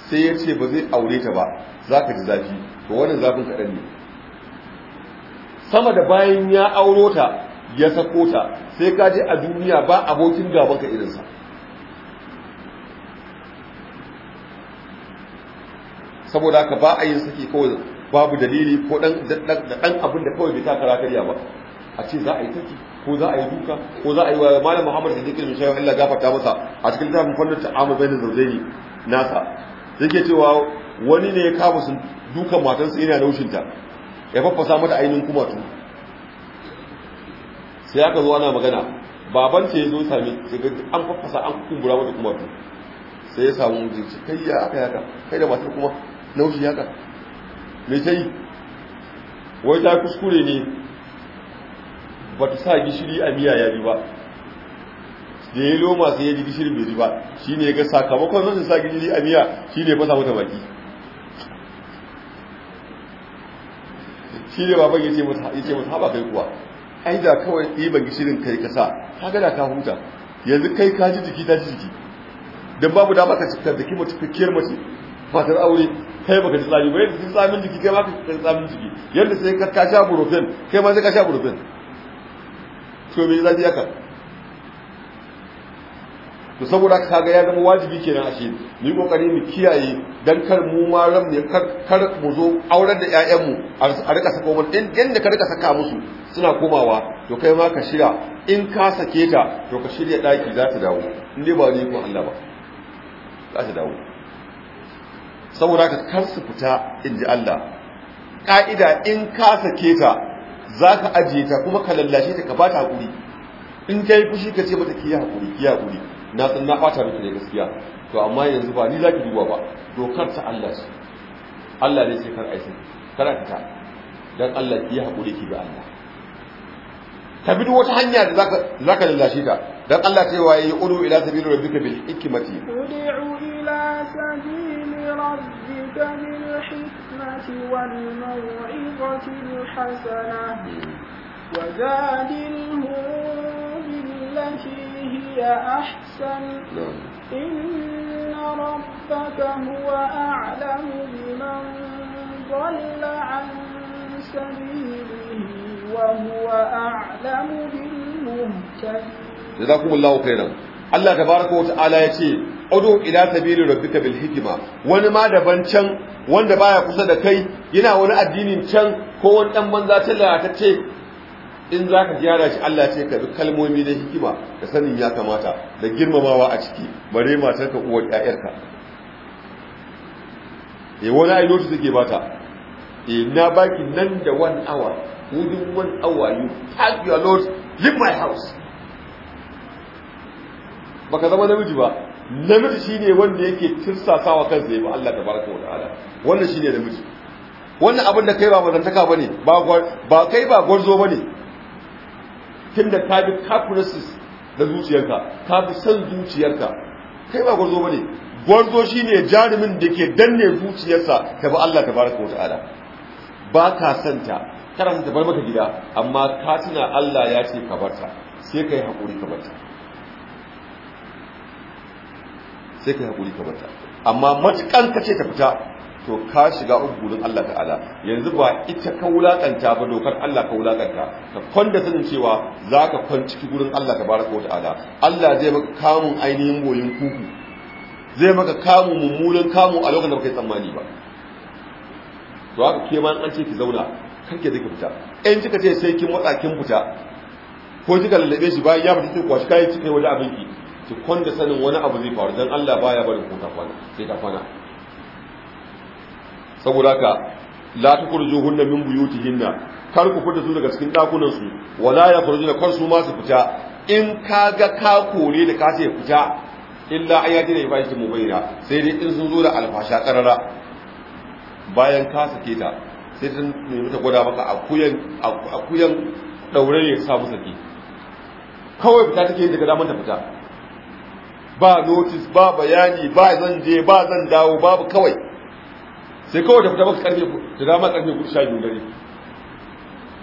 sai ya ce ba zai aure ta ba za ka ji zafi to wannan zafin kaɗan ne sama da bayan ya auro ta ya sako ta sai ka je a duniya ba abokin gaban ka irinsa saboda ka ba a yin saki kawai babu dalili ko dan dan abin da kawai bai taka karya ba a ce za a yi saki ko za a yi duka ko za a yi wa malam Muhammad Siddiq bin Shaykh Allah gafarta masa a cikin tafin fannin ta'amul bainal zawjaini nasa yake cewa wani ne ya kama sun dukan matansa yana wucinta ya faffasa mata ainihin kumatu sai aka zo ana magana Baban ce ya zo sami an faffasa an kumbura mata kumatu sai ya samu jinci kai ya aka yaka kai da matar kuma wucin yaka mai ta yi wai ta kuskure ne ba ta sa gishiri a miya ya ba da ya yi loma sai ya ji gishirin bai ji ba shi ne ya ga sakamakon zai sa gishiri a miya shi ne ya fasa mata baki shi ne baban ya ce musu haɓa kai kuwa ai da kawai ɗiban gishirin kai kasa Ta gada ka huta yanzu kai ka ji jiki ta ji jiki don babu dama ka cika jiki mace kakkiyar mace fatar aure kai baka ji tsami ba yadda sun tsamin jiki kai ba ka ji tsamin jiki yadda sai ka sha burofen kai ma sai ka sha burofen to me zafi haka to saboda ka ga ya zama wajibi kenan shi mu yi kokari mu kiyaye dan kar mu ma ran ne kar mu zo aurar da ƴaƴan mu a rika saka mu din da ka rika saka musu suna komawa to kai ma ka shirya in ka sake ta to ka shirya daki za ta dawo in dai ba ni ko Allah ba za ta dawo saboda ka kar su fita in ji Allah ka'ida in ka sake ta za ka ajiye ta kuma ka lallashe ta ka ba ta haƙuri in kai fushi ka ce mata ki yi haƙuri ki haƙuri na san na fata miki da gaskiya to amma yanzu ba ni zaki duba ba dokar ta Allah ce Allah ne sai kar aisin karanta dan Allah ki hakuri ki ga Allah ka bi wata hanya da zaka zaka lallashe ta dan Allah ta waye udu ila sabili rabbika bil hikmati udu ila sabili rabbika bil hikmati wal maw'izati al hasana hmm. wajadilhum billati هي أحسن إن ربك هو أعلم بمن ضل عن سبيله وهو أعلم بالمهتدين جزاكم الله خيرا Allah tabaraka wata'ala ya ce udu ila sabili rabbika bil hikma wani ma daban can wanda baya kusa da kai yana wani addinin can ko wani dan banza ta ce in za ka gyara shi Allah ce ka bi kalmomi na hikima da sanin ya kamata da girmamawa a ciki bare matar ka uwar ƴaƴarka eh wani ai notice yake bata eh na baki nan da one hour within one hour you tag your lord, leave my house baka zama namiji ba namiji shine wanda yake tirsasawa kansa yayi ba Allah tabaraka wa ta'ala wannan shine namiji wannan abin da kai ba mazantaka bane ba ba kai ba gwarzo bane tunda ka bi calculus da zuciyarka ka bi san zuciyarka kai ba gwarzo bane gwarzo shine jarumin da ke danne zuciyarsa ta bi Allah tabaraka wa ta'ala ba ka santa kana ta, bar maka gida amma ka tuna Allah ya ce ka ta, sai kai hakuri ka ta. sai kai hakuri ka ta. amma matukan ka ce ta fita to ka shiga gurin Allah ta'ala yanzu ba ita ka wulakanta ba dokar Allah ka wulakanta ka kwanda sanin cewa za ka kwanciki gurin Allah ta baraka ta'ala Allah zai maka kamun ainihin goyin kuku zai maka kamun mummunan kamun a lokacin da baka yi tsammani ba to haka ke ma an ce ki zauna kan ke ki fita in kika ce sai kin watsa kin fita ko kika lallabe shi bayan ya fita shi kwashi kayan cikin wani abin ki kwanda sanin wani abu zai faru dan Allah baya barin ko kwana sai ta kwana saboda ka la hunna min hinna, kar ku fita su daga cikin dakunan su wala da kar su ma su fita in ka ga ka kore da ka sai fita illa ayati da ifashi mubayyana sai dai in sun zo da alfasha karara bayan ka sake ta sai ta nemi ta gwada maka akuyan akuyan daure ne sa musu saki. kawai fita take daga zaman ta fita ba notice ba bayani ba zan je ba zan dawo babu kawai sai kawai da fita maka karfe da dama karfe kudu sha biyu dare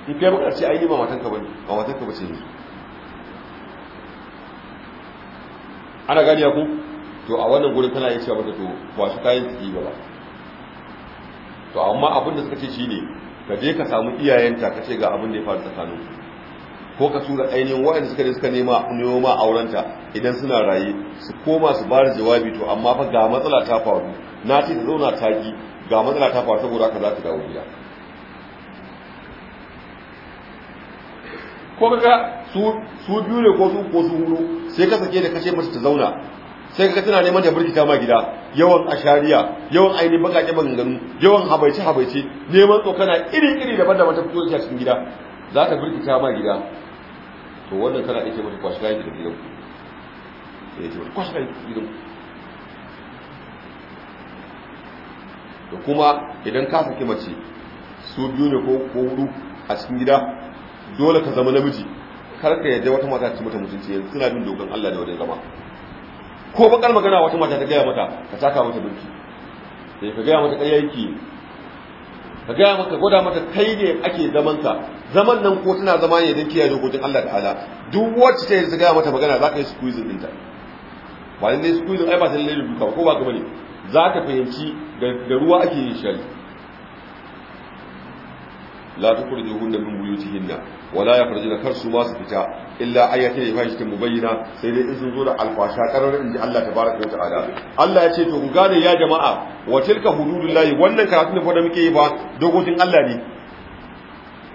in kai maka ce ai ba matanka bane ba matanka bace ne ana gani ya ku to a wannan gudun tana yi cewa mata to ba su kayan ciki ba to amma abin da suka ce shi ne, ka je ka samu iyayenta ka ce ga abin da ya faru tsakanin ko ka tura ainihin wa'anda suka suka nema nemo aurenta idan suna raye su koma su bada jawabi to amma fa ga matsala ta faru na ce da zauna ta ga matsala ta faru saboda aka za ta dawo gida ko kaka su biyu ne ko su ko su hudu sai ka sake da kashe masu ta zauna sai ka tana neman da burkita ma gida yawan ashariya yawan ainihin bakaƙe maganganu yawan habaice habaice neman tsokana iri iri daban-daban ta fito a cikin gida za ta burkita ma gida to wannan kana ake mata kwashi kayan gidan gidan gidan ku da kuma idan ka saki mace su biyu ne ko hudu a cikin gida dole ka zama namiji kar ka yadda wata mata ci mata mutunci yanzu suna bin dokan Allah da wajen zama ko bakar magana wata mata ta gaya mata ka taka mata birki sai eh, ka gaya mata ƙarya ka gaya mata gwada mata kai ne ake zaman ka zaman nan ko tana zama ne don kiyaye dokokin Allah ta'ala duk wacce ta yi gaya mata magana za ka yi squeezing ɗinta ba ne squeezing ai ba ta lalle duka ba ko ba ka ne? za ka fahimci da ruwa ake yin shari la ta kurje hunna min buyutihinna wala ya farji da kar su ma su fita illa ayati ne fashi mu mubayyana sai dai in sun zo da alfasha karar inji Allah tabaraka kyauta ala. Allah ya ce to ku gane ya jama'a wa tilka layi wannan karatun fa da muke yi ba dokokin Allah ne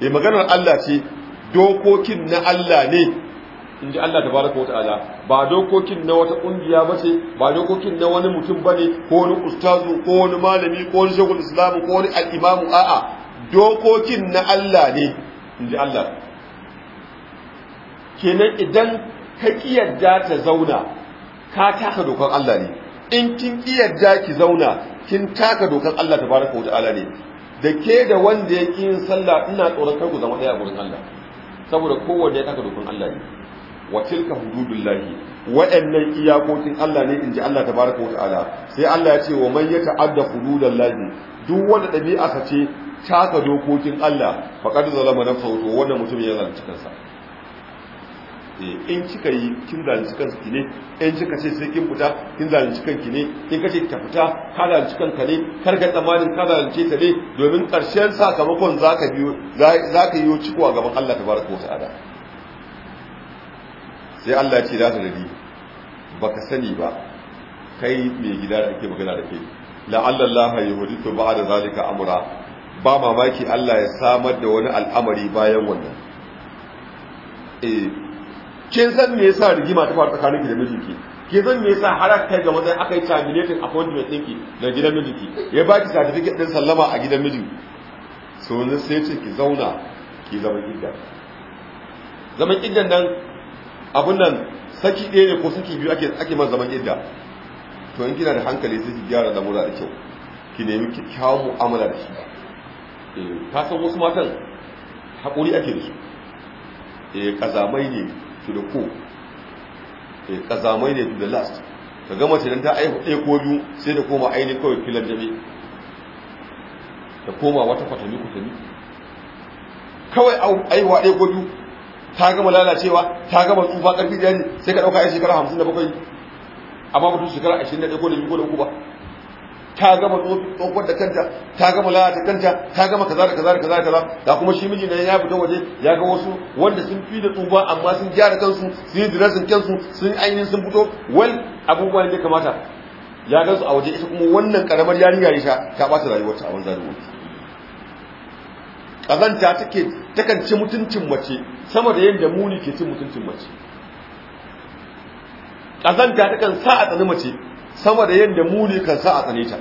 eh maganar Allah ce dokokin na Allah ne in ji Allah tabaraka wata'ala ba dokokin na wata kungiya ba ce ba dokokin na wani mutum ba ne ko wani ustazu ko wani malami ko wani shagul islamu ko wani al'imamu a'a dokokin na Allah ne in ji Allah kenan idan ka kiyarda ta zauna ka taka dokar Allah ne in kin kiyarda ki zauna kin taka dokar Allah tabaraka wata'ala ne da ke da wanda ya ƙi yin sallah ina tsoron kar ku zama ɗaya a gurin Allah saboda kowanne ya taka dokar Allah ne wa tilka hududullahi waɗannan iyakokin Allah ne inji Allah tabaraka wa ta'ala sai Allah ya ce wa man yata'adda hududallahi duk wanda dabi'arsa ce taka dokokin Allah faqad zalama nafsahu to wannan mutum ya zalunci kansa eh, in kika yi kin zalunci kanki ne in kika ce sai kin fita kin zalunci kanki ne in kace ta fita ka zalunci kanka ne kar ka tsamanin ka zalunce ta ne domin karshen sakamakon zaka biyo zaka yi ciko a gaban Allah tabaraka wa ta'ala sai Allah ce za ta rabi ka sani ba kai mai gida da ake magana da ke. la'alla ya hudu to ba da zalika amura ba mamaki Allah ya samar da wani al'amari bayan wannan E, kin san me yasa rigima ta faru tsakanin gidan mijinki kin san me yasa har kai ga matsayin aka yi terminating appointment ɗinki na gidan mijinki ya ba ki certificate ɗin sallama a gidan mijin so ne sai ce ki zauna ki zama idda zaman iddan nan abun nan saki ɗaya ne ko saki biyu ake man zaman idda to in kina da hankali sai ki gyara mura da kyau ki nemi kyakkyawan mu'amala da shi ta eh, san wasu matan haƙuri ake da su eh, Ƙazamai ne to da ko eh ne to da last ka gama ce don ta aihu ɗaya ko biyu sai da koma ainihin kawai filan jami da koma wata kwatami kwatami kawai aihuwa ɗaya ko biyu ta gama lalacewa ta gama tsufa karfi da ne sai ka dauka a shekara 57 amma mutum shekara 21 ko da yugo da uku ba ta gama tsohuwar da kanta ta gama lalata kanta ta gama kaza da kaza da kaza da kaza da kuma shi miji nan ya fita waje ya ga wasu wanda sun fi da tsufa amma sun gyara kansu sun yi dirasin kansu sun ainihin sun fito wal abubuwa ne kamata ya gansu a waje ita kuma wannan karamar yarinya ne ta ta ɓata rayuwarta a wanzar da wani kazanta take takan ci mutuncin mace sama da yadda muni ke cin mutuncin mace kazanta takan sa a tsani mace sama da yadda muni kan sa a tsani ta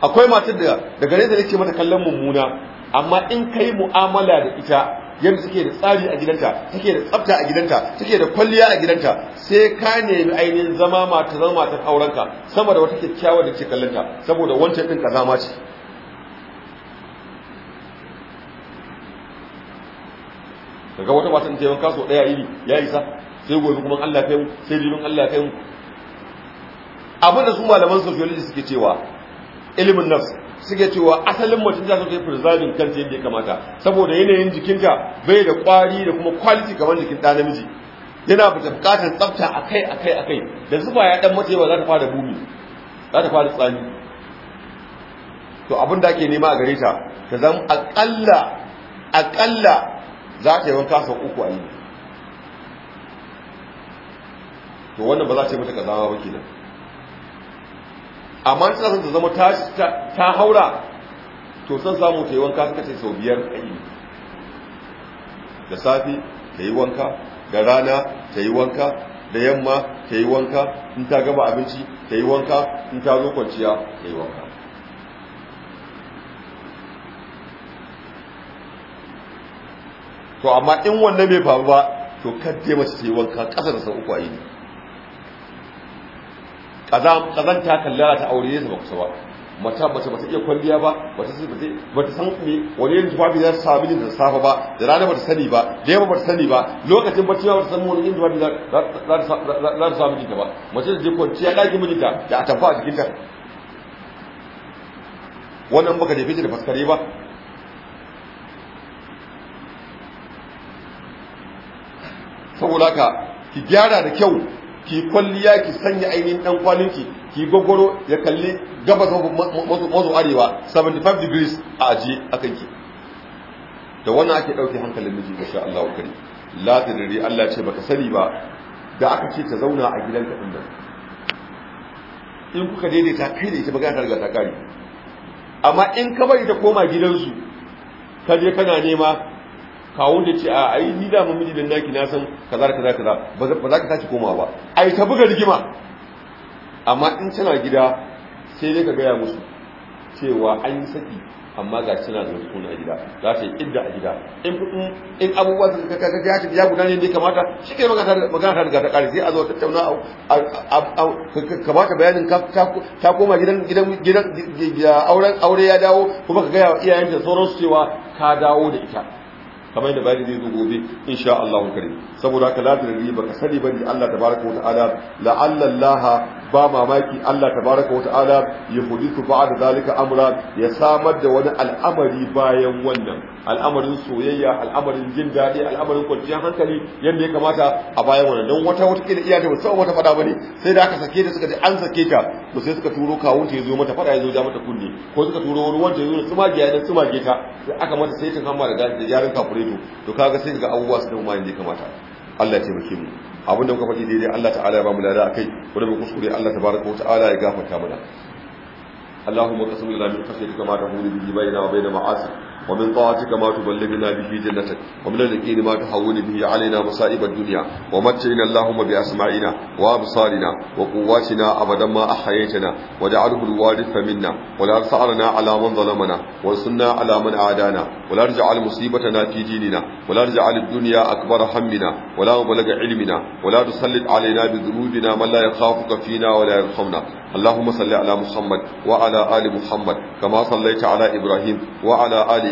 akwai matar da daga ne da nake mata kallon mummuna amma in kai mu'amala da ita yadda suke da tsari a gidanta suke da tsafta a gidanta suke da kwalliya a gidanta sai ka nemi ainihin zama mata zama aurenka sama da wata kyakkyawar da ke kallonta saboda wancan ɗin ƙazama ce Daga wata matan ta wanka so daya yi ya isa sai gobe kuma Allah kai sai ribin Allah kai abin da su malaman sociology suke cewa ilimin nafs suke cewa asalin mutum da suke kan kanta yadda ya kamata saboda yanayin jikinka bai da kwari da kuma quality kamar jikin ɗan namiji yana buƙatar tsafta akai akai akai da zuba ya dan mace ba za ta fara bumi za ta fara tsani to abin da ake nema a gare ta ta zama akalla akalla za ta yi wanka sau uku a yi to wannan ba za ta yi mata kazawa ba kenan amma tana sun ta zama ta haura to san samu ta yi wanka suka ce sau biyar a yi da safi ta yi wanka da rana ta yi wanka da yamma ta yi wanka in ta gaba abinci ta yi wanka in ta zo kwanciya ta yi wanka to amma in wannan bai faru ba to kadde mace sai wanka ƙasa da sau uku a yi ƙazan ta kallara ta aure ne, ba kusa ba mata mace ba ta iya kwalliya ba ba ta san me wani yin tufafi za ta sami jin da safa ba da rana ba ta sani ba da yamma ba ta sani ba lokacin bacci ba ta san wani yin tufafi za ta sami jinta ba mace da je kwanciya ɗakin mijinta da a tafa a jikinta wannan baka da ta da faskare ba saboda ka, ki gyara da kyau ki kwalliya ki sanya ainihin dan kwalinki ki gogoro ya kalli gaba gabas mazo arewa 75 degrees a ajiye a kanki da wannan ake dauke hankalin miji insha Allah kare la tadri Allah ce baka sani ba da aka ce ta zauna a gidanka din nan in kuka daidaita kai da ita magana ta riga ta kare amma in ka bari ta koma gidansu ka je kana nema kawun da ce a ai ni da mamiji da naki na san kaza kaza kaza ba za ka tashi komawa ba ai ta buga rigima amma in tana gida sai dai ka gaya musu cewa an yi saki amma ga tana da suna a gida za ta yi idda a gida in abubuwa su ka kaga ya guda ne da kamata shi ke magana ta da ta kare sai a zo tattauna ka baka bayanin ta koma gidan gidan gidan aure ya dawo kuma ka gaya iyayen da sauransu cewa ka dawo da ita kamar da bayani zai zo gobe insha Allah kare saboda haka la tadri baka sani bane Allah tabaraka wa ta'ala la'alla Allah ba mamaki Allah tabaraka wata'ala ya hudithu ba'da zalika amra ya samar da wani al'amari bayan wannan al'amarin soyayya al'amarin jin daɗi al'amarin kwanciyar hankali yadda ya kamata a bayan wannan don wata wata kila iyata ba sai wata fada bane sai da aka sake ta suka ji an sake ta to sai suka turo kawun ta yazo mata fada yazo ja mata kunne ko suka turo wani wanda yazo su magiya da su mage ta sai aka mata sai ta kama da jarin kafureto to kaga sai ga abubuwa su da ma yadda ya kamata Allah ya taimake mu abin da kuka faɗi daidai Allah ta'ala ya ba mu lada akai wanda mu kuskure Allah tabaraka wa ta'ala ya gafarta mana Allahumma qasim lana min khashyatika ma tahulu bihi bayna wa bayna ma'asi ومن طاعتك ما تبلغنا به جنتك ومن اليقين ما تحول به علينا مصائب الدنيا ومتعنا اللهم بأسماعنا وأبصارنا وقواتنا أبدا ما أحييتنا واجعله الوارث منا ولا تسعرنا على من ظلمنا وانصرنا على من عادانا ولا تجعل مصيبتنا في ديننا ولا تجعل الدنيا أكبر همنا ولا مبلغ علمنا ولا تسلط علينا بذنوبنا من لا يخافك فينا ولا يرحمنا اللهم صل على محمد وعلى آل محمد كما صليت على إبراهيم وعلى آل